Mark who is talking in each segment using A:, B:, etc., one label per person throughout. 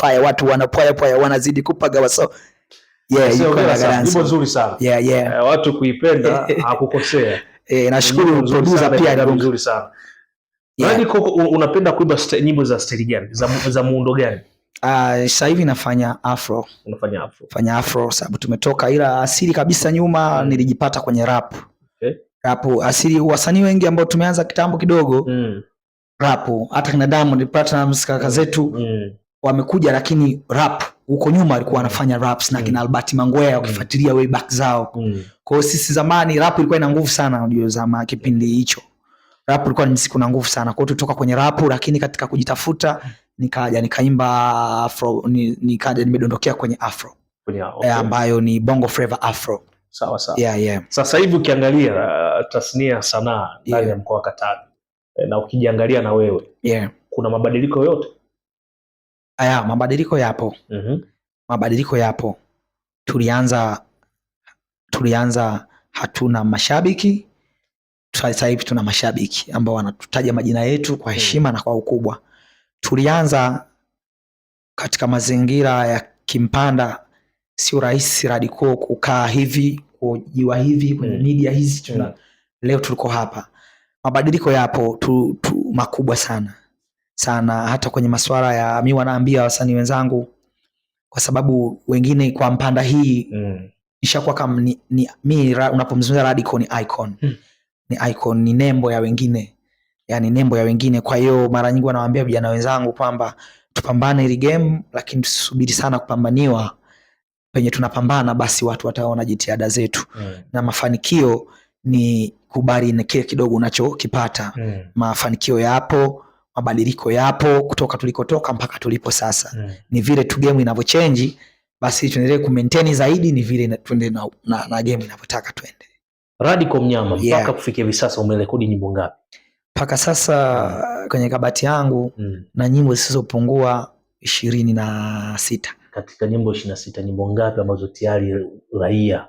A: fire, watu wanapwayapwaya wanazidi kupagawa so
B: yeah, yuko na garansi nzuri sana yeah, yeah. Eh, watu kuipenda eh, hakukosea.
A: Eh, nashukuru producer pia
B: ni nzuri sana yeah. Nani unapenda kuimba nyimbo za stili gani za, za muundo gani?
A: Uh, sasa hivi nafanya afro. Unafanya afro. Fanya afro sababu tumetoka, ila asili kabisa nyuma mm. nilijipata kwenye rap. Okay. Eh? Rap asili, wasanii wengi ambao tumeanza kitambo kidogo mm. rap hata kina Diamond Platnumz kaka zetu mm wamekuja, lakini rap huko nyuma alikuwa anafanya raps na kina mm. Albert Mangwea, ukifuatilia mm. way back zao. Mm. Kwa hiyo sisi zamani rap ilikuwa ina nguvu sana, unajua zama kipindi hicho rap ilikuwa ni siku na nguvu sana. Kwa hiyo tutoka kwenye rap, lakini katika kujitafuta nikaja nikaimba afro, nikaja nimedondokea kwenye afro kwenye eh, okay. ambayo ni bongo flavor afro. Sawa sawa. Yeah, yeah.
B: Sasa hivi ukiangalia uh, tasnia sanaa ndani ya mkoa wa Katavi eh, na ukijiangalia na wewe yeah. kuna mabadiliko yote
A: Haya mabadiliko yapo. mm -hmm. Mabadiliko yapo, tulianza tulianza hatuna mashabiki, sasa hivi tuna mashabiki ambao wanatutaja majina yetu kwa mm-hmm. heshima mm -hmm. na kwa ukubwa. Tulianza katika mazingira ya Kimpanda, sio rahisi Radiko kukaa hivi kujiwa hivi kwenye mm -hmm. media hizi tuna mm -hmm. leo tuliko hapa, mabadiliko yapo tu, tu, makubwa sana sana, hata kwenye masuala ya mi wanaambia wasanii wenzangu, kwa sababu wengine kwa mpanda hii mm. nishakuwa kama ni, ni, mi unapomzungumza Radical ni icon mm. ni icon, ni nembo ya wengine yani nembo ya wengine. Kwa hiyo mara nyingi wanawaambia vijana wenzangu kwamba tupambane hili game, lakini tusubiri sana kupambaniwa. Penye tunapambana basi watu wataona jitihada zetu mm. na mafanikio ni kubali na kile kidogo unachokipata mm. mafanikio yapo mabadiliko yapo kutoka tulikotoka mpaka tulipo sasa mm. Ni vile tu game inavyochange, basi tuendelee ku maintain zaidi, ni vile tuende na, na, na game inavyotaka tuende.
B: Radical Mnyama, yeah. Mpaka kufikia hivi sasa umerekodi nyimbo ngapi?
A: Mpaka sasa mm. kwenye kabati yangu mm. na nyimbo zisizopungua ishirini na sita.
B: Katika nyimbo ishirini na sita, nyimbo ngapi ambazo tayari raia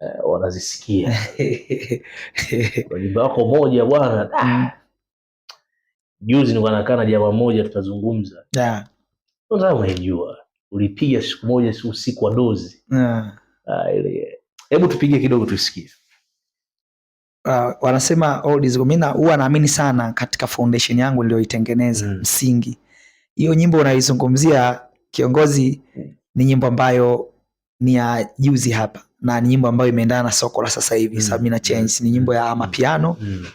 B: eh, wanazisikia? Nyimbo yako moja bwana mm. Juzi nilikuwa nakaa na jamaa mmoja tutazungumza. Yeah. Sasa Ulipiga siku moja usiku wa dozi. Yeah. Hebu tupige kidogo tusikie.
A: Uh, ah, wanasema oldies, mimi huwa naamini sana katika foundation yangu niliyoitengeneza, mm. Msingi. Hiyo nyimbo unaizungumzia kiongozi, mm. Ni nyimbo ambayo ni ya juzi hapa na ni nyimbo ambayo imeendana na soko la sasa hivi, mm. Sabina mm, Change ni nyimbo ya amapiano, mm, mm, mm.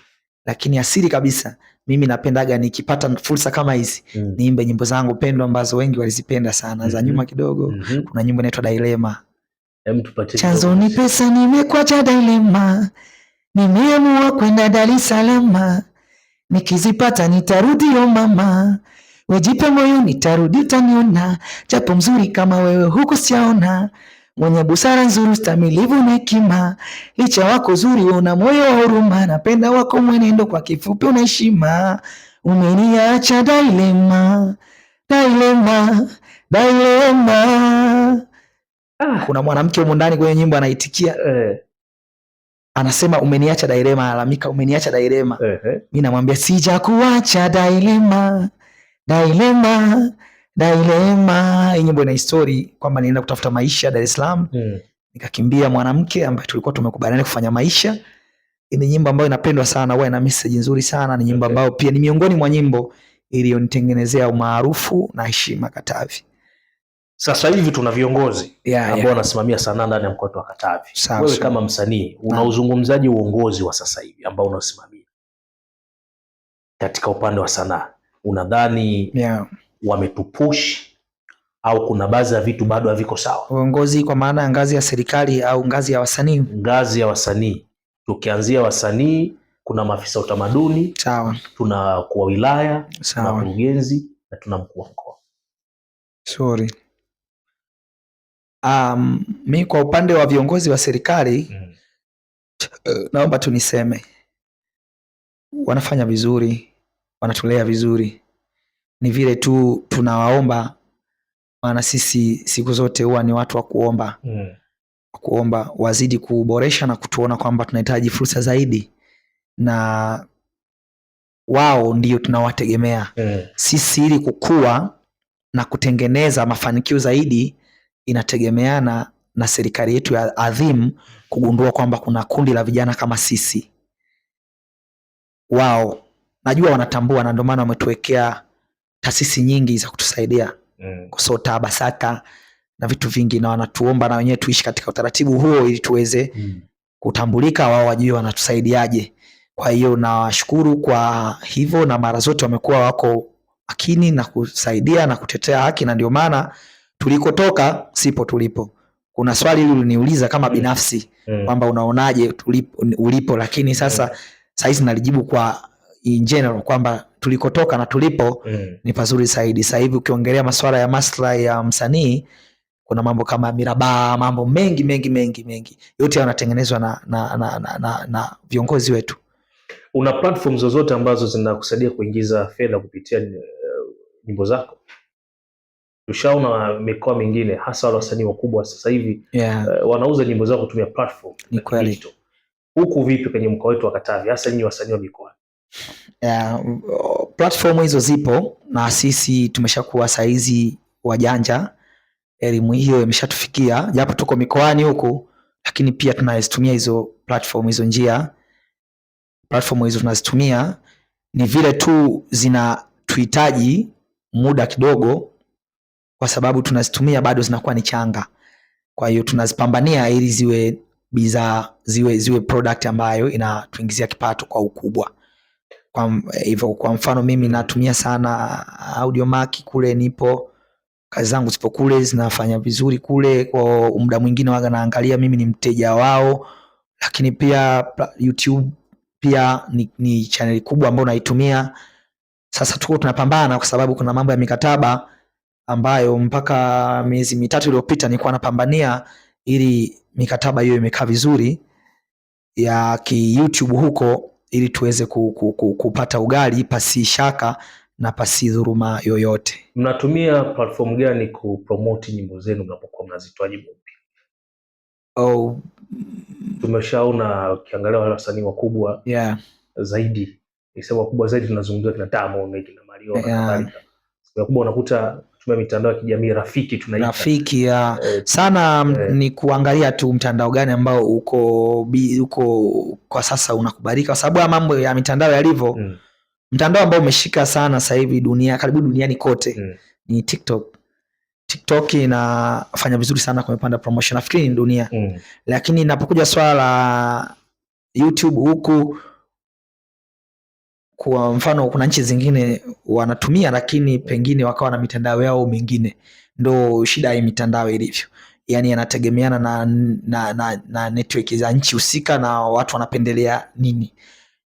A: Lakini asili kabisa mm mimi napendaga nikipata fursa kama hizi mm. niimbe nyimbo zangu pendwa ambazo wengi walizipenda sana za nyuma mm-hmm. kidogo mm -hmm. kuna nyimbo inaitwa Dilema. Chanzo ni pesa, nimekwacha dilema, nimeamua kwenda Dar es Salaam, nikizipata nitarudi. O mama, wejipe moyo, nitarudi, utaniona, japo mzuri kama wewe huku siaona Mwenye busara nzuri, stamilivu na hekima, licha wako zuri, una moyo wa huruma, napenda wako mwenendo, kwa kifupi una heshima. Umeniacha dailema, dailema, dailema. Ah, kuna mwanamke humo ndani kwenye nyimbo anaitikia eh. Anasema umeniacha dailema, alamika umeniacha dailema eh, eh. Mi namwambia sijakuacha dailema, dailema na ile hema yenye bwana history kwamba nilienda kutafuta maisha Dar es Salaam mm. nikakimbia mwanamke ambaye tulikuwa tumekubaliana kufanya maisha. Ni nyimbo ambayo inapendwa sana, huwa ina message nzuri sana. Ni nyimbo ambayo okay. pia ni miongoni mwa nyimbo iliyonitengenezea umaarufu na heshima Katavi.
B: Sasa hivi tuna viongozi yeah, ambao wanasimamia yeah. sanaa ndani ya mkoa wa Katavi. Wewe kama msanii unauzungumzaji uongozi wa sasa hivi ambao unasimamia katika upande wa sanaa unadhani yeah wametupush au kuna baadhi ya vitu bado haviko sawa.
A: Uongozi kwa maana ya ngazi ya serikali au ngazi ya wasanii,
B: ngazi ya wasanii, tukianzia wasanii, kuna maafisa utamaduni sawa, tuna mkuu wa wilaya, tuna mkurugenzi na tuna mkuu wa mkoa.
A: Sorry. Um, mi kwa upande wa viongozi wa serikali mm, naomba tuniseme wanafanya vizuri, wanatulea vizuri ni vile tu tunawaomba, maana sisi siku zote huwa ni watu wa kuomba mm. kuomba wazidi kuboresha na kutuona kwamba tunahitaji fursa zaidi, na wao ndio tunawategemea mm. sisi ili kukua na kutengeneza mafanikio zaidi inategemeana na serikali yetu ya adhimu kugundua kwamba kuna kundi la vijana kama sisi. Wao najua wanatambua, na ndio maana wametuwekea taasisi nyingi za kutusaidia mm. kusota BASATA na vitu vingi, na wanatuomba na wenyewe tuishi katika utaratibu huo ili tuweze mm. kutambulika, wao wajue wanatusaidiaje. Kwa hiyo nawashukuru kwa hivyo, na mara zote wamekuwa wako makini na kusaidia na kutetea haki, na ndio maana tulikotoka sipo tulipo. Kuna swali hili uliniuliza kama mm. binafsi mm. kwamba mm. unaonaje ulipo, lakini sasa mm. saizi nalijibu kwa in general kwamba tulikotoka na tulipo mm. ni pazuri zaidi. Sasa hivi ukiongelea masuala ya maslahi ya msanii kuna mambo kama mirabaa, mambo mengi mengi mengi mengi, yote yanatengenezwa na, na, na, na, na, na viongozi wetu.
B: Una platform zozote ambazo zinakusaidia kuingiza fedha kupitia eh, nyimbo zako? Tushaona mikoa mingine, hasa wale wasanii wakubwa sasa hivi yeah. uh, wanauza nyimbo zao kutumia platform. Ni kweli. Huku vipi kwenye mkoa wetu wa Katavi, hasa nyinyi wasanii wa mikoa?
A: Yeah, platform hizo zipo na sisi tumeshakuwa saizi wajanja, elimu hiyo imeshatufikia japo tuko mikoani huku, lakini pia tunazitumia hizo platform hizo njia platform hizo tunazitumia, ni vile tu zinatuhitaji muda kidogo, kwa sababu tunazitumia bado zinakuwa ni changa. Kwa hiyo tunazipambania ili ziwe bidhaa ziwe, ziwe product ambayo inatuingizia kipato kwa ukubwa kwa hivyo. Kwa mfano mimi natumia sana Audiomack, kule nipo kazi zangu zipo kule zinafanya vizuri kule. Kwa muda mwingine waga naangalia mimi ni mteja wao, lakini pia YouTube pia ni, ni chaneli kubwa ambayo naitumia. Sasa tuko tunapambana kwa sababu kuna mambo ya mikataba ambayo mpaka miezi mitatu iliyopita nilikuwa napambania ili mikataba hiyo imekaa vizuri ya ki YouTube huko ili tuweze ku, ku, ku, kupata ugali pasi shaka na pasi dhuruma yoyote.
B: Mnatumia platform gani kupromote nyimbo zenu mnapokuwa mnazitoa nyimbo mpya? Oh, tumeshaona ukiangalia wale wasanii wakubwa yeah, zaidi, wakubwa zaidi tunazungumzia kina Diamond, kina Mario na kadhalika. kubwa unakuta tutumia mitandao ya kijamii rafiki tunaita.
A: Rafiki ya e, sana e, ni kuangalia tu mtandao gani ambao uko bi, uko kwa sasa unakubalika kwa sababu ya mambo ya mitandao yalivyo mm. Mtandao ambao umeshika sana sasa hivi dunia karibu duniani kote mm. ni TikTok. TikTok inafanya vizuri sana kwenye panda promotion nafikiri ni dunia mm. Lakini inapokuja swala la YouTube huku kwa mfano kuna nchi zingine wanatumia, lakini pengine wakawa na mitandao yao mingine. Ndo shida ya mitandao ilivyo, yaani yanategemeana na, na, na, na network za nchi husika na watu wanapendelea nini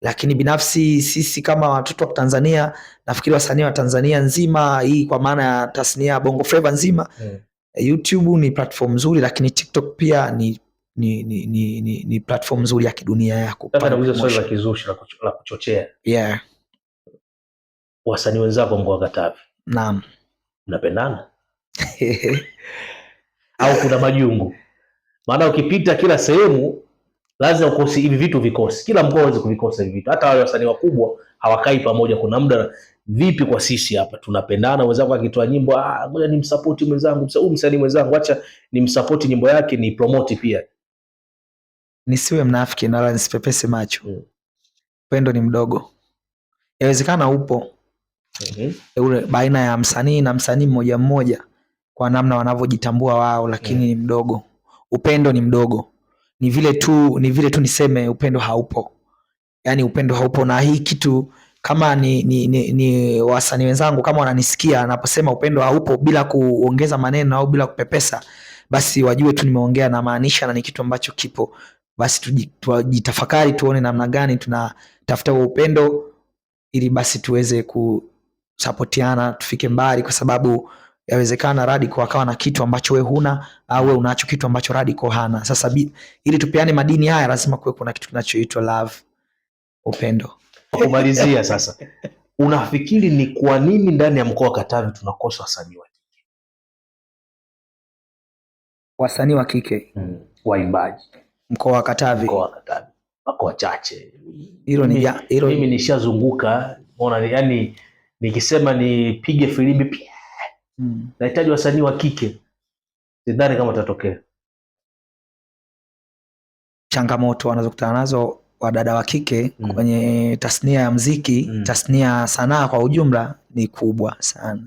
A: lakini binafsi sisi kama watoto wa Tanzania, nafikiri wasanii wa Tanzania nzima hii, kwa maana ya tasnia ya Bongo Flava nzima mm. YouTube ni platform nzuri, lakini TikTok pia ni ni, ni, ni, ni, ni platform nzuri ya kidunia yako.
B: Sasa nauliza swali la kizushi la, kucho, la kuchochea yeah. Wasanii wenzako mkoa Katavi, naam, mnapendana au kuna majungu? Maana ukipita kila sehemu lazima ukosi hivi vitu vikosi, kila mkoa aweze kuvikosa hivi vitu. Hata wale wasanii wakubwa hawakai pamoja, kuna muda vipi kwa sisi hapa tunapendana. mwenzangu akitoa nyimbo, ah, ngoja nimsapoti mwenzangu, huyu msanii mwenzangu, acha nimsapoti nyimbo yake ni promote pia
A: Nisiwe mnafiki na wala nisipepese macho mm. Upendo ni mdogo, yawezekana upo mm -hmm. ule baina ya msanii na msanii mmoja mmoja kwa namna wanavyojitambua wao, lakini mm. ni mdogo. Upendo ni mdogo, ni vile tu, ni vile tu niseme upendo haupo, yani upendo haupo. Na hii kitu kama ni, ni, ni, ni wasanii wenzangu kama wananisikia naposema upendo haupo bila kuongeza maneno au bila kupepesa, basi wajue tu nimeongea na maanisha, na ni kitu ambacho kipo basi tujitafakari, tuone namna gani tunatafuta huo upendo, ili basi tuweze kusapotiana, tufike mbali, kwa sababu yawezekana Radical akawa na kitu ambacho we huna au we unacho kitu ambacho Radical hana. Sasa bi, ili tupeane madini haya, lazima kuwe kuna kitu kinachoitwa love, upendo.
B: Kumalizia sasa, unafikiri ni kwa nini ndani ya mkoa wa Katavi tunakosa wasanii wa kike,
A: wasanii wa kike hmm,
B: waimbaji?
A: mkoa wa Katavi.
B: Mkoa wa Katavi wako wachache, hilo ni hilo. Mimi nishazunguka ona, yani nikisema nipige filimbi pia mm. nahitaji wasanii wa kike, sidhani kama tatokea
A: changamoto wanazokutana nazo wadada wa kike mm. kwenye tasnia ya mziki mm. tasnia ya sanaa kwa ujumla ni kubwa sana,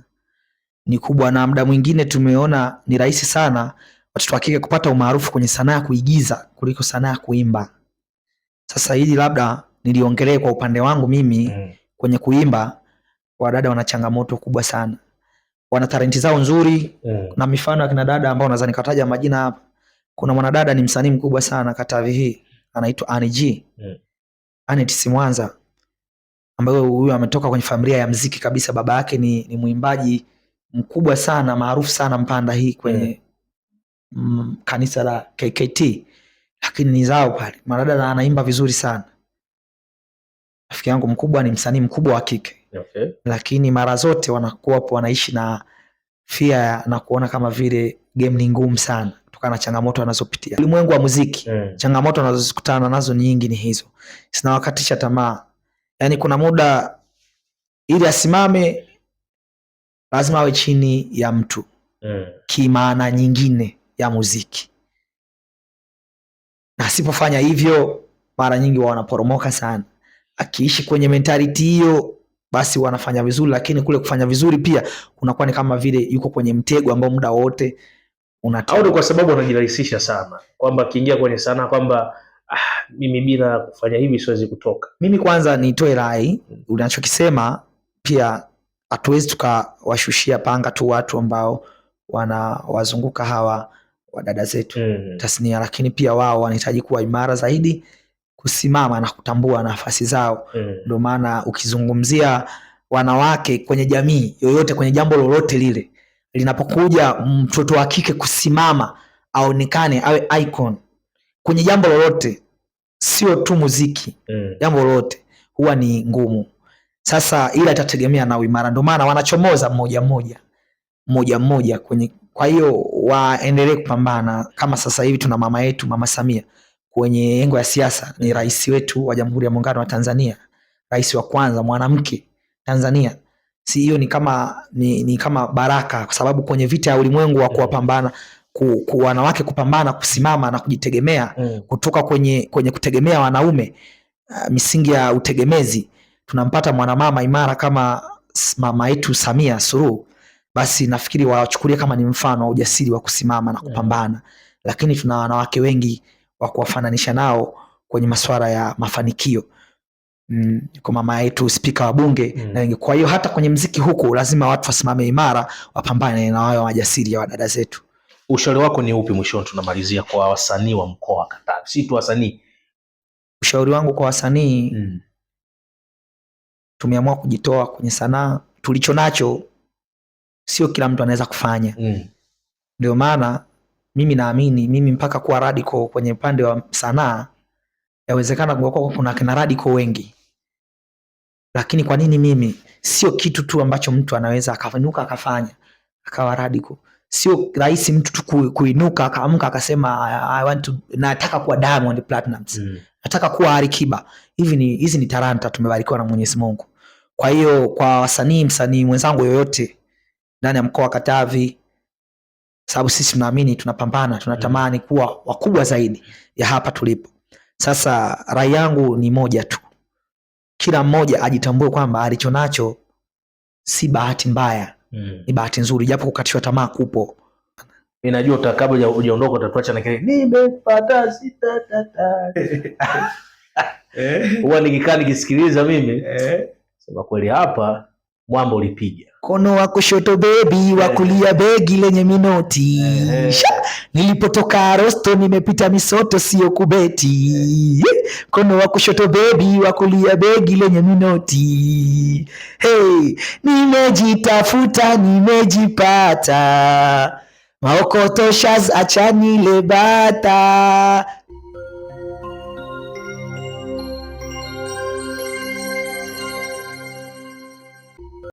A: ni kubwa, na muda mwingine tumeona ni rahisi sana watoto wa kike kupata umaarufu kwenye sanaa ya kuigiza kuliko sanaa ya kuimba. Sasa hili labda niliongelee kwa upande wangu mimi mm. Kwenye kuimba wadada wana changamoto kubwa sana, wana talenti zao nzuri mm. Na mifano ya kina dada ambao naweza nikataja majina hapa. Kuna mwanadada ni msanii mkubwa sana Katavi hii anaitwa Annie G mm. Annette Mwanza ambaye huyu ametoka kwenye familia ya mziki kabisa, baba yake ni, ni mwimbaji mkubwa sana maarufu sana Mpanda hii kwenye mm Mm, kanisa la KKT, lakini ni zao pale. Maradada anaimba vizuri sana, rafiki yangu mkubwa ni msanii mkubwa wa kike okay. Lakini mara zote wanakuwapo wanaishi na fia na kuona kama vile game ni ngumu sana kutokana na changamoto anazopitia ulimwengu wa muziki mm. Changamoto anazozikutana nazo nyingi ni hizo, zinawakatisha tamaa. Yani kuna muda ili asimame lazima awe chini ya mtu mm. Kimaana nyingine ya muziki, na asipofanya hivyo mara nyingi wa wanaporomoka sana. Akiishi kwenye mentality hiyo, basi wanafanya vizuri, lakini kule kufanya vizuri pia kunakuwa ni kama vile yuko kwenye mtego ambao muda wote
B: unatoka, kwa sababu anajirahisisha sana kwamba akiingia kwenye sanaa kwamba ah, mimi bila kufanya hivi siwezi kutoka.
A: Mimi kwanza nitoe rai unachokisema, pia hatuwezi tukawashushia panga tu watu ambao wanawazunguka hawa dada zetu mm. tasnia, lakini pia wao wanahitaji kuwa imara zaidi kusimama na kutambua nafasi zao mm. ndio mm. maana ukizungumzia wanawake kwenye jamii yoyote, kwenye jambo lolote lile, linapokuja mtoto wa kike kusimama aonekane, awe icon kwenye jambo lolote, sio tu muziki mm. jambo lolote huwa ni ngumu. Sasa ila itategemea na uimara, ndio maana wanachomoza mmoja mmoja mmoja mmoja kwenye kwa hiyo waendelee kupambana kama sasa hivi tuna mama yetu Mama Samia kwenye engo ya siasa, ni rais wetu wa Jamhuri ya Muungano wa Tanzania, rais wa kwanza mwanamke Tanzania. Si hiyo ni kama, ni, ni kama baraka, kwa sababu kwenye vita ya ulimwengu wa kuwapambana ku, ku wanawake kupambana kusimama na kujitegemea mm. kutoka kwenye, kwenye kutegemea wanaume uh, misingi ya utegemezi tunampata mwanamama imara kama mama yetu Samia Suluhu basi nafikiri wawachukulia kama ni mfano wa ujasiri wa kusimama na eh. kupambana yeah. Lakini tuna wanawake wengi wa kuwafananisha nao kwenye masuala ya mafanikio mm, kwa mama yetu spika wa bunge mm. na wengi. Kwa hiyo hata kwenye mziki huku lazima watu wasimame imara, wapambane na wao wajasiri ya wadada zetu.
B: Ushauri wako ni upi? Mwishoni tunamalizia kwa wasanii wa mkoa wa Katavi, si tu wasanii.
A: Ushauri wangu kwa wasanii mm. tumeamua kujitoa kwenye sanaa tulicho nacho sio kila mtu anaweza kufanya mm. ndio mm. maana mimi naamini mimi mpaka kuwa radical kwenye upande wa sanaa yawezekana kuwa kuna kina radical wengi lakini kwa nini mimi sio kitu tu ambacho mtu anaweza akanuka akafanya akawa radical sio rahisi mtu tu kuinuka akaamka akasema I want to, nataka kuwa Diamond Platnumz mm. nataka kuwa Alikiba hivi ni hizi ni talanta tumebarikiwa na Mwenyezi Mungu kwa hiyo kwa wasanii msanii mwenzangu yoyote ndani ya mkoa wa Katavi, sababu sisi tunaamini, tunapambana, tunatamani mm. kuwa wakubwa zaidi ya hapa tulipo sasa. Rai yangu ni moja tu, kila mmoja ajitambue kwamba alichonacho si bahati mbaya mm. Ni bahati nzuri, japo kukatishwa tamaa kupo.
B: Ninajua utakabla hujaondoka utatuacha na kile nimepata sita tata huwa nikikaa nikisikiliza mimi eh. sema kweli hapa mwamba ulipiga
A: mkono wa kushoto bebi wa kulia begi lenye minoti nilipotoka Rosto nimepita misoto sio kubeti Kono wa kushoto bebi wa kulia begi lenye minoti hey, nimejitafuta nimejipata maokotoshas achani lebata